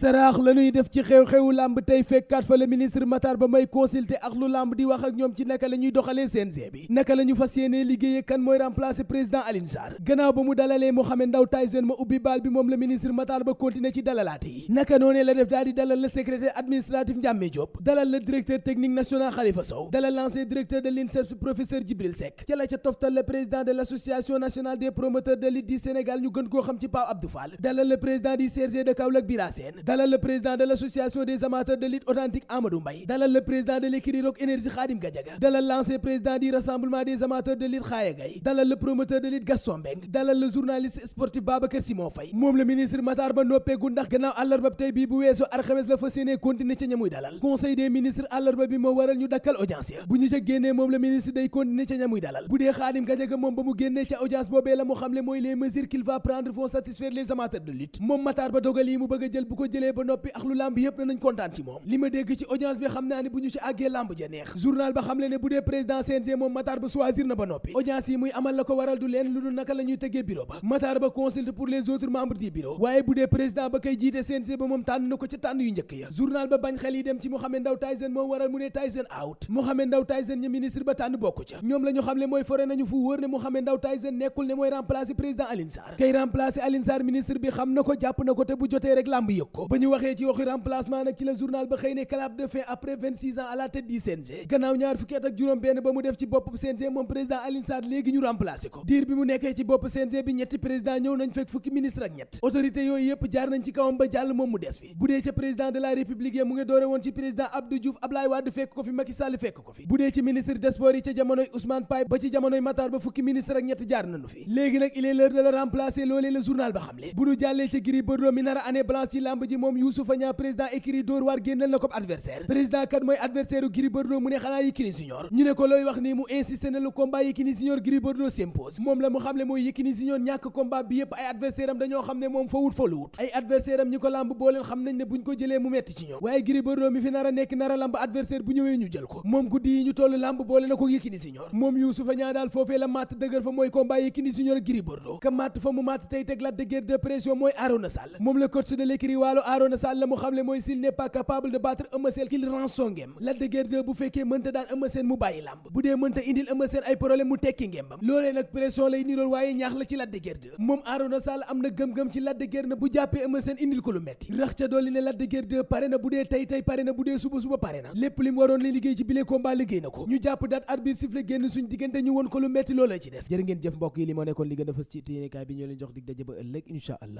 saraax la ñuy def ci xew-xewu làmb tey fekkaat fa le ministre Matar Ba may consulter ak lu làmb di wax ak ñoom ci naka la ñuy doxalee CNG bi naka la ñu fas yéenee liggéeyee kan mooy remplacer président Alioune Sarr gannaaw ba mu dalalee Mohamed Ndao Tyson ma ubbi baal bi moom le ministre Matar Ba continuer ci dalalaat yi naka noonee la def daal di dalal le secrétaire administratif Ndiamé Diop dalal le directeur technique national Khalifa Sow dalal l'ancien Sénégal ñu gën koo xam ci Pape Abdou Fall dalal le président du CRG dalal le président de l'association des amateurs de lutte authentique Amadou Mbaye dalal le président de l'écurie Rock Énergie Khadim Gadiaga dalal l'ancien président du rassemblement des amateurs de lutte Khaya dalal le promoteur de lutte Gaston Mbengue dalal le journaliste sportif Babacar Simon Faye moom le ministre Matar Ba noppeegu ndax gannaaw àllarba tey bii bu weesoo alxames la fas yéene continuer ca ña dalal conseil des ministres àllarba jëlee ba noppi ak lu lamb yépp danañ kontaan ci moom li ma dégg ci audience bi xam naa ni bu ñu ci àggee lamb ja neex journal ba xam le ne bu dee président CNG moom Matar Ba choisir na ba noppi audience yi muy amal la ko waral du leen lu dul naka la ñuy tëggee bureau ba Matar Ba consulte pour les autres membres du bureau waaye bu président ba koy jiite CNG ba moom tànn na ko ca tànn yu njëkk ya journal ba bañ xel yi dem ci Mohamed Ndao Tyson moom waral mu ne Tyson out Mohamed Ndao Tyson ña ministre ba tànn bokku ca ñoom la ñu xam le mooy fore nañu na ko jotee rek lamb yëg ko ba ñu waxee ci waxi remplacement nag ci la journal ba xëy ne clap de fin après 26 ans à la gannaaw ñaar fukki at ak juróom benn ba mu def ci bopp CNG moom président Alioune Sarr léegi ñu remplacé ko diir bi mu nekkee ci bopp CNG bi ñetti président ñëw nañ fekk fukki ministre ak ñett autorité yooyu yëpp jaar nañ ci kawam ba jàll moom mu des fi bu dee ca président de la république yi mu ngi doore woon ci président Abdou Diouf Ablaye Wade fekk lamb ji moom Youssoufa Niang président écurie Dóor waar génnal na ko adversaire président mooy adversaire u mu ne xanaa Yékini Junior ñu ne ko looy wax nii mu insisté na le combat Yékini Junior s'impose moom la mu xam le mooy Yékini Junior ñàkk combat bi yépp ay adversaire dañoo xam ne moom fawut faluwut ay adversaire ñi ko lamb booleel xam nañ ne buñ ko jëlee mu metti ci ñoom waaye Gris mi fi nar nekk nar a lamb Waalo Arona Sall la mu xam le mooy s'il n'est pas capable de battre Eumeu Sène qu'il rend son bu fekkee mënta daan Eumeu mu bàyyi làmb bu dee mënta indil Eumeu ay problème mu tekki ngémbam loolee nag pression lay nirool waaye ñaax la ci Lac de Guiers 2 moom Arona Sall am na gëm-gëm ci Lac de na bu jàppee Eumeu Sène indil ko lu metti rax ca dolli ne Lac de pare na bu dee tey tey pare na bu dee suba suba pare na lépp li mu waroon la liggéey ci bile combat liggéey na ko ñu jàpp a fës ci yéenekaay